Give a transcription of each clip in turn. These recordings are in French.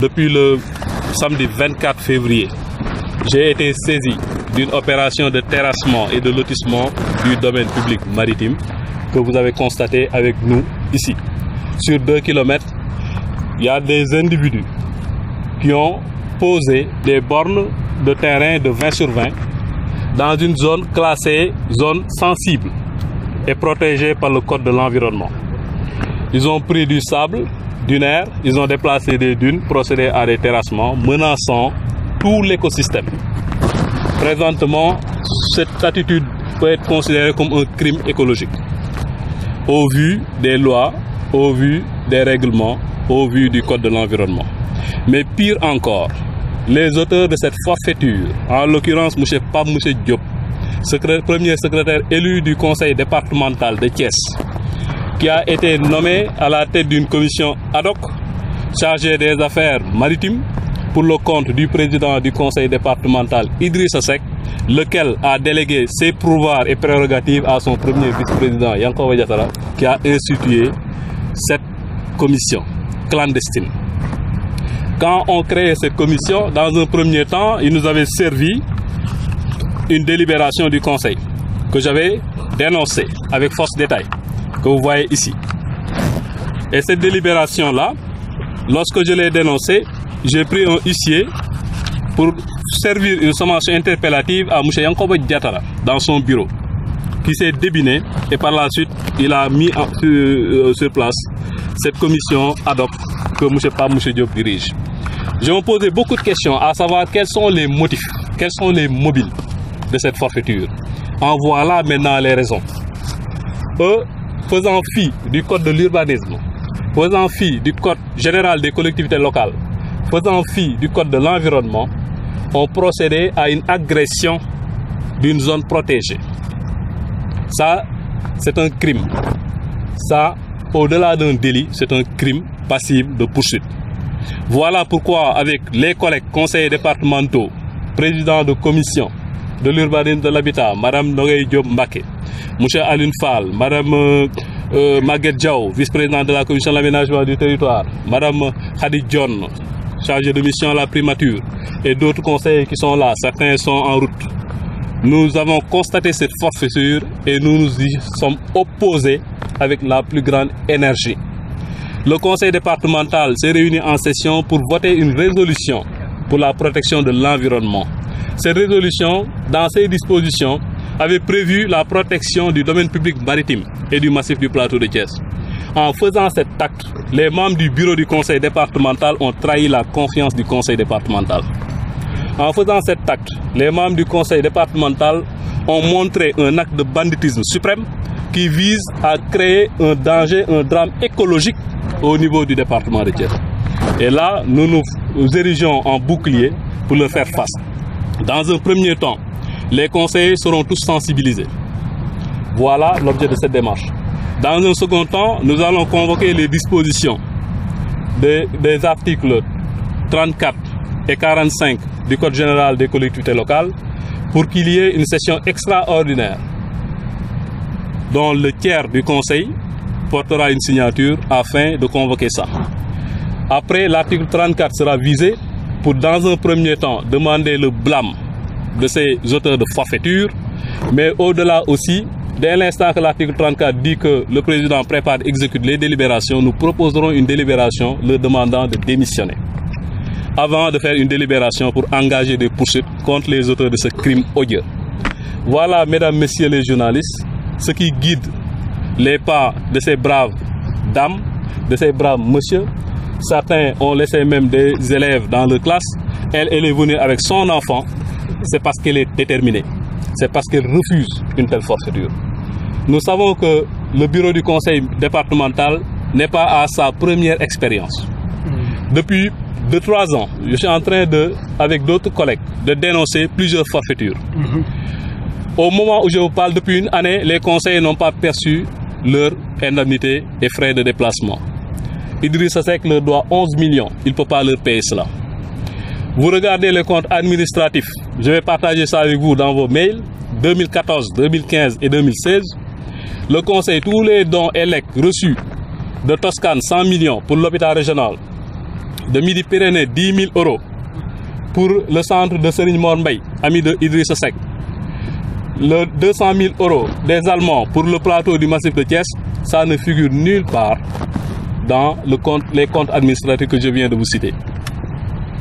Depuis le samedi 24 février, j'ai été saisi d'une opération de terrassement et de lotissement du domaine public maritime que vous avez constaté avec nous ici. Sur 2 km, il y a des individus qui ont posé des bornes de terrain de 20 sur 20 dans une zone classée zone sensible et protégée par le code de l'environnement. Ils ont pris du sable dunaires, ils ont déplacé des dunes, procédé à des terrassements, menaçant tout l'écosystème. Présentement, cette attitude peut être considérée comme un crime écologique. Au vu des lois, au vu des règlements, au vu du Code de l'environnement. Mais pire encore, les auteurs de cette forfaiture, en l'occurrence M. Pam Diop, premier secrétaire élu du conseil départemental de Thiès, qui a été nommé à la tête d'une commission ad hoc chargée des affaires maritimes pour le compte du président du conseil départemental Idrissa sec lequel a délégué ses pouvoirs et prérogatives à son premier vice-président Yanko Diatara, qui a institué cette commission clandestine. Quand on crée cette commission, dans un premier temps, il nous avait servi une délibération du conseil que j'avais dénoncée avec force détail que vous voyez ici. Et cette délibération-là, lorsque je l'ai dénoncée, j'ai pris un huissier pour servir une sommation interpellative à M. Yankobo Diatara dans son bureau, qui s'est débiné et par la suite, il a mis euh, euh, sur, place cette commission ad hoc que M. Pam M. Diop dirige. Je me posais beaucoup de questions, à savoir quels sont les motifs, quels sont les mobiles de cette forfaiture. En voilà maintenant les raisons. Eux, faisant fi du code de l'urbanisme, faisant fi du code général des collectivités locales, faisant fi du code de l'environnement, ont procédé à une agression d'une zone protégée. Ça, c'est un crime. Ça, au-delà d'un délit, c'est un crime passible de poursuite. Voilà pourquoi, avec les collègues conseillers départementaux, président de commission de l'urbanisme de l'habitat, Madame Nogay Diop Mbake, Monsieur Aline Fall, Mme euh, euh, vice-présidente de la commission de l'aménagement du territoire, Mme Khadid John, chargée de mission à la primature, et d'autres conseils qui sont là, certains sont en route. Nous avons constaté cette forfaiture et nous nous y sommes opposés avec la plus grande énergie. Le conseil départemental s'est réuni en session pour voter une résolution pour la protection de l'environnement. Cette résolution, dans ses dispositions, avait prévu la protection du domaine public maritime et du massif du plateau de Thiès. En faisant cet acte, les membres du bureau du conseil départemental ont trahi la confiance du conseil départemental. En faisant cet acte, les membres du conseil départemental ont montré un acte de banditisme suprême qui vise à créer un danger, un drame écologique au niveau du département de Thiers. Et là, nous nous érigeons en bouclier pour le faire face. Dans un premier temps, les conseillers seront tous sensibilisés. Voilà l'objet de cette démarche. Dans un second temps, nous allons convoquer les dispositions des, des articles 34 et 45 du Code général des collectivités locales pour qu'il y ait une session extraordinaire dont le tiers du Conseil portera une signature afin de convoquer ça. Après, l'article 34 sera visé pour, dans un premier temps, demander le blâme de ces auteurs de forfaiture, mais au-delà aussi, dès l'instant que l'article 34 dit que le président prépare, exécute les délibérations, nous proposerons une délibération le demandant de démissionner. Avant de faire une délibération pour engager des poursuites contre les auteurs de ce crime odieux. Voilà, mesdames, messieurs les journalistes, ce qui guide les pas de ces braves dames, de ces braves monsieur. Certains ont laissé même des élèves dans leur classe. Elle, elle est venue avec son enfant c'est parce qu'elle est déterminée. C'est parce qu'elle refuse une telle forfaiture. Nous savons que le bureau du conseil départemental n'est pas à sa première expérience. Depuis 2-3 ans, je suis en train de, avec d'autres collègues, de dénoncer plusieurs forfaitures. Au moment où je vous parle, depuis une année, les conseils n'ont pas perçu leur indemnité et frais de déplacement. Idriss Sasek leur doit 11 millions. Il ne peut pas leur payer cela. Vous regardez les comptes administratifs. Je vais partager ça avec vous dans vos mails. 2014, 2015 et 2016. Le conseil, tous les dons élects reçus de Toscane, 100 millions pour l'hôpital régional. De Midi-Pyrénées, 10 000 euros pour le centre de Serigne Mormbay, ami de Idrissa Seck. Le 200 000 euros des Allemands pour le plateau du massif de Thiès, ça ne figure nulle part dans les comptes administratifs que je viens de vous citer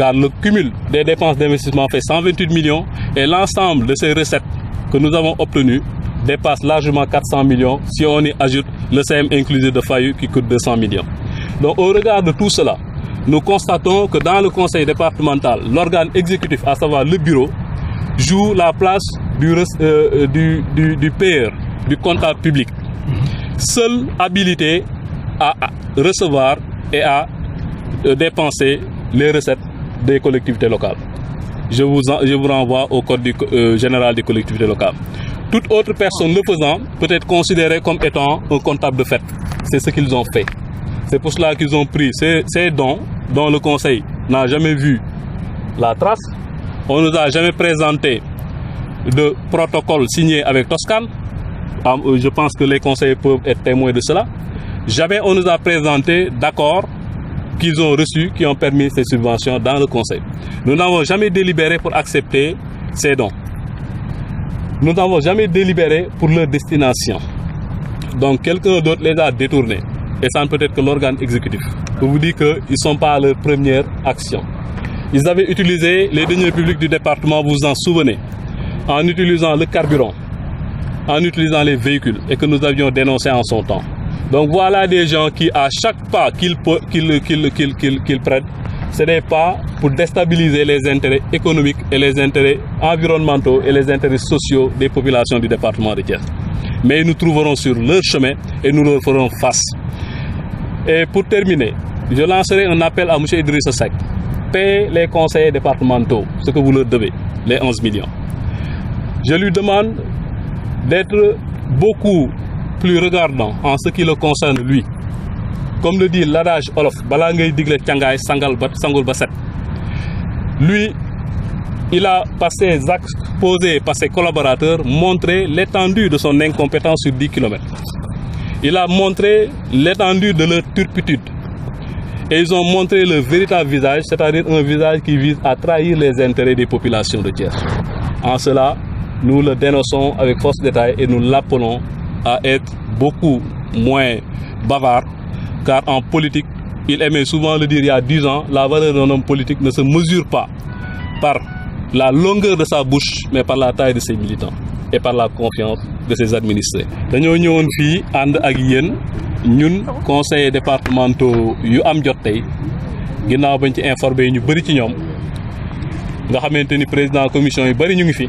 car le cumul des dépenses d'investissement fait 128 millions et l'ensemble de ces recettes que nous avons obtenues dépasse largement 400 millions si on y ajoute le CM inclusif de Fayu qui coûte 200 millions. Donc au regard de tout cela, nous constatons que dans le conseil départemental, l'organe exécutif, à savoir le bureau, joue la place du, euh, euh, du, du, PR, du comptable public, Seule habilité à recevoir et à euh, dépenser les recettes des collectivités locales. Je vous, je vous renvoie au Code euh, général des collectivités locales. Toute autre personne le faisant peut être considérée comme étant un comptable de fait. C'est ce qu'ils ont fait. C'est pour cela qu'ils ont pris ces, ces dons dont le Conseil n'a jamais vu la trace. On ne nous a jamais présenté de protocole signé avec Toscane. Ah, euh, je pense que les conseils peuvent être témoins de cela. Jamais on nous a présenté d'accord qu'ils ont reçus qui ont permis ces subventions dans le Conseil. Nous n'avons jamais délibéré pour accepter ces dons. Nous n'avons jamais délibéré pour leur destination. Donc quelqu'un d'autre les a détournés. Et ça ne peut être que l'organe exécutif. Je vous dis qu'ils ne sont pas à leur première action. Ils avaient utilisé les deniers publics du département, vous vous en souvenez, en utilisant le carburant, en utilisant les véhicules et que nous avions dénoncé en son temps. Donc voilà des gens qui, à chaque pas qu'ils prennent, ce n'est pas pour déstabiliser les intérêts économiques et les intérêts environnementaux et les intérêts sociaux des populations du département de Thiès. Mais nous trouverons sur leur chemin et nous leur ferons face. Et pour terminer, je lancerai un appel à M. Idriss Sek. Payez les conseils départementaux ce que vous leur devez, les 11 millions. Je lui demande d'être beaucoup plus regardant en ce qui le concerne lui. Comme le dit l'adage Olof, Digle Tiangay Sangol Basset. Lui, il a, passé ses actes posés par ses collaborateurs, montré l'étendue de son incompétence sur 10 km. Il a montré l'étendue de leur turpitude. Et ils ont montré le véritable visage, c'est-à-dire un visage qui vise à trahir les intérêts des populations de Thiers. En cela, nous le dénonçons avec force détail et nous l'appelons à être beaucoup moins bavard, car en politique, il aimait souvent le dire il y a 10 ans, la valeur d'un homme politique ne se mesure pas par la longueur de sa bouche, mais par la taille de ses militants et par la confiance de ses administrés. Nous sommes ici, ànd ak yéen ñun conseillers départementaux yu am jot informé ñu de ci ñoom nga président commission yu commission, ñu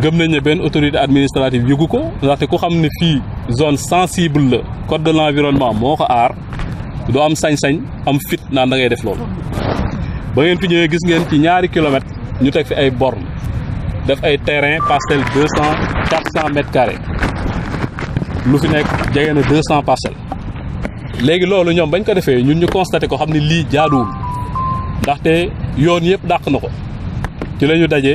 gëm nañ ne benn autorité administrative yëgu ko ndaxte ku xam ne fii zone sensible la code de l'environnement moo ko aar doo am sañ-sañ am fit naan da ngay def loolu. ba ngeen fi ñëwee gis ngeen ci ñaari kilomètres ñu teg fi ay bornes def ay terrain parcelle deux cent quatre cent mètres carrés lu fi nekk jege na deux cent parcelles léegi loolu ñoom bañ ko defee ñun ñu constaté ko xam ne lii jaaduwul ndaxte yoon yépp dàq na ko ci la ñu daje.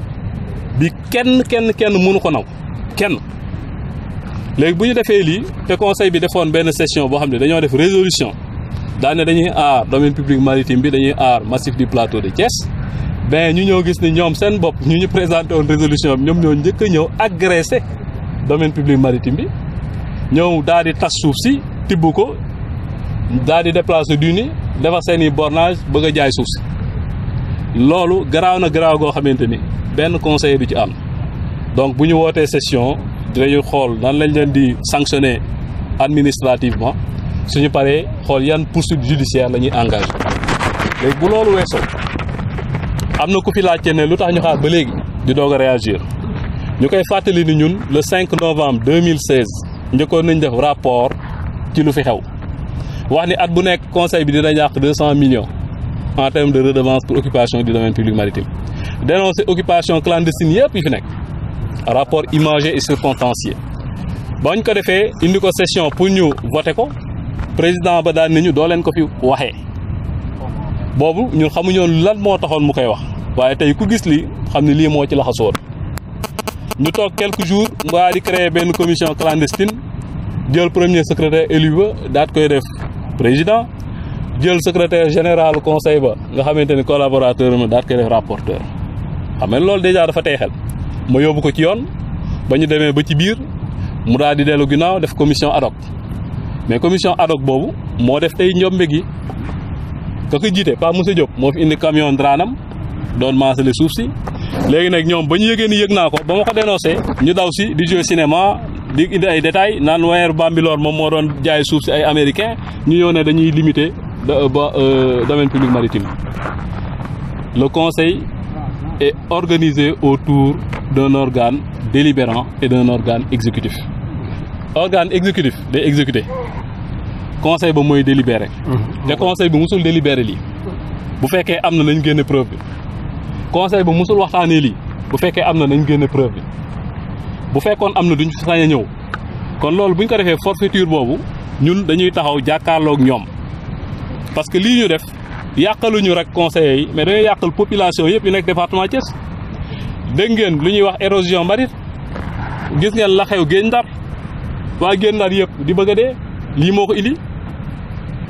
bi kenn kenn kenn le ko naw kenn fait, conseil bi defoon session boo fait résolution Dans dañuy domaine public maritime dans massif du plateau de Thiès nous ben, ñu présenté une résolution Nous ñoo domaine public maritime Nous avons des tas de si nous ko des di bornage ben conseil du ci am donc buñu ñu session dinañu xol nan lañ leen di sanctionner administrativement suñu paré xol yane poursuite judiciaire nous engagé léegi bu nous wesso amna ku fi ñu xaar ba di réagir ñukay avons ni le 5 novembre 2016 Nous nañ un rapport qui nous fait xew wax ni at bu conseil bi 200 millions en termes de redevance pour occupation du domaine public maritime dénoncer occupation clandestine et yi fi rapport imagé et circonstancié ba ñu ko fait une session pour ñu voter. ko président ba nous nañu doo leen ko fi nous boobu ñun xamuñoon lan moo taxoon mu koy wax waaye tey ku gis lii xam ne lii moo ci nous ñu quelques jours nous di créer une commission clandestine Le premier secrétaire élu ba le président le secrétaire général conseil nous avons xamante ni collaborateur rapporteur xam loolu dèjà dafa tey xel ma yóbbu ko ci yoon ba ñu demee ba ci biir mu daal di dellu ginnaaw def commission ad hoc mais commission adog boobu moo def tey njombe gi ka ko jiite Pa Moussa Diop moo fi indi camion draanam doon maasale suuf si léegi nag ñoom ba ñu yëgee ni yëg naa ko ba ma ko dénoncé ñu daw si di jouer cinéma di indi ay détails naan Weer Bambilor moom moo doon jaay suuf si ay américain ñu ñëw ne dañuy limité ba euh, domaine public maritime le conseil est organisée autour d'un organe délibérant et d'un organe exécutif. organe exécutif de exécuter. conseil ba mooy délibéré. le mhm. conseil bi musul délibéré Vous bu fekkee am na nañ preuve bi. conseil Vous musul waxtaanee li. bu fekkee am na nañ génne preuve bi bu fekkoon Vous na duñ sañ a ñëw kon loolu buñ ko defee forfaiture boobu ñun dañuy taxaw parce que lii ñu yakalu ñu rek conseil yi mais dañuy yakal population yépp yu nekk département Thiès dégg ngeen lu ñuy wax érosion mbarit gis ngeen la xew géej ndar waa géej ndar yépp di bëgg a dee lii moo ko ili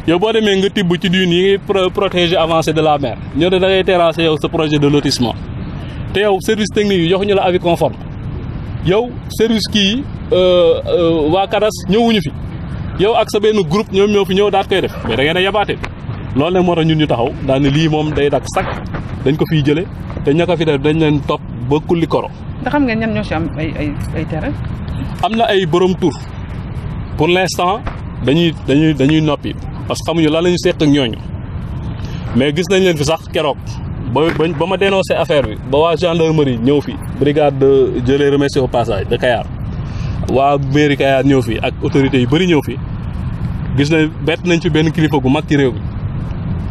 yow boo demee nga tibb ci dunes yi ngay protéger avancé de la mer ñu ne da ngay terrasser yow sa projet de lotissement te yow service technique yi ñu la avis conforme yow service kii euh, euh, waa Caras ñëwuñu fi yow ak sa benn groupe ñoom ñoo fi ñëw daat koy def mais da ngeen a yabaate loolu ne moo ñun ñu taxaw daal ne lii moom day dakk sakk dañ ko fiy jële te ña fi def dañ leen topp ba kulli koro. te nga ngeen ñan ci si am ay ay ay am na ay borom tur pour l'instant dañuy dañuy dañuy noppi parce que xamuñu lan la ñu seq ak ñooñu mais gis nañ leen fi sax keroog ba ba ma dénoncé affaire bi ba waa gendarmerie ñëw fi brigade de je les remercie au passage de Kayar waa mairie Kayar ñëw fi ak autorités yu bëri ñëw fi gis nañ bett nañ fi benn kilifa gu mag ci réew mi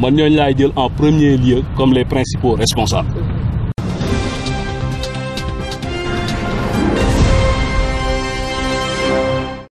manuel ñooñu en premier lieu comme les principaux responsables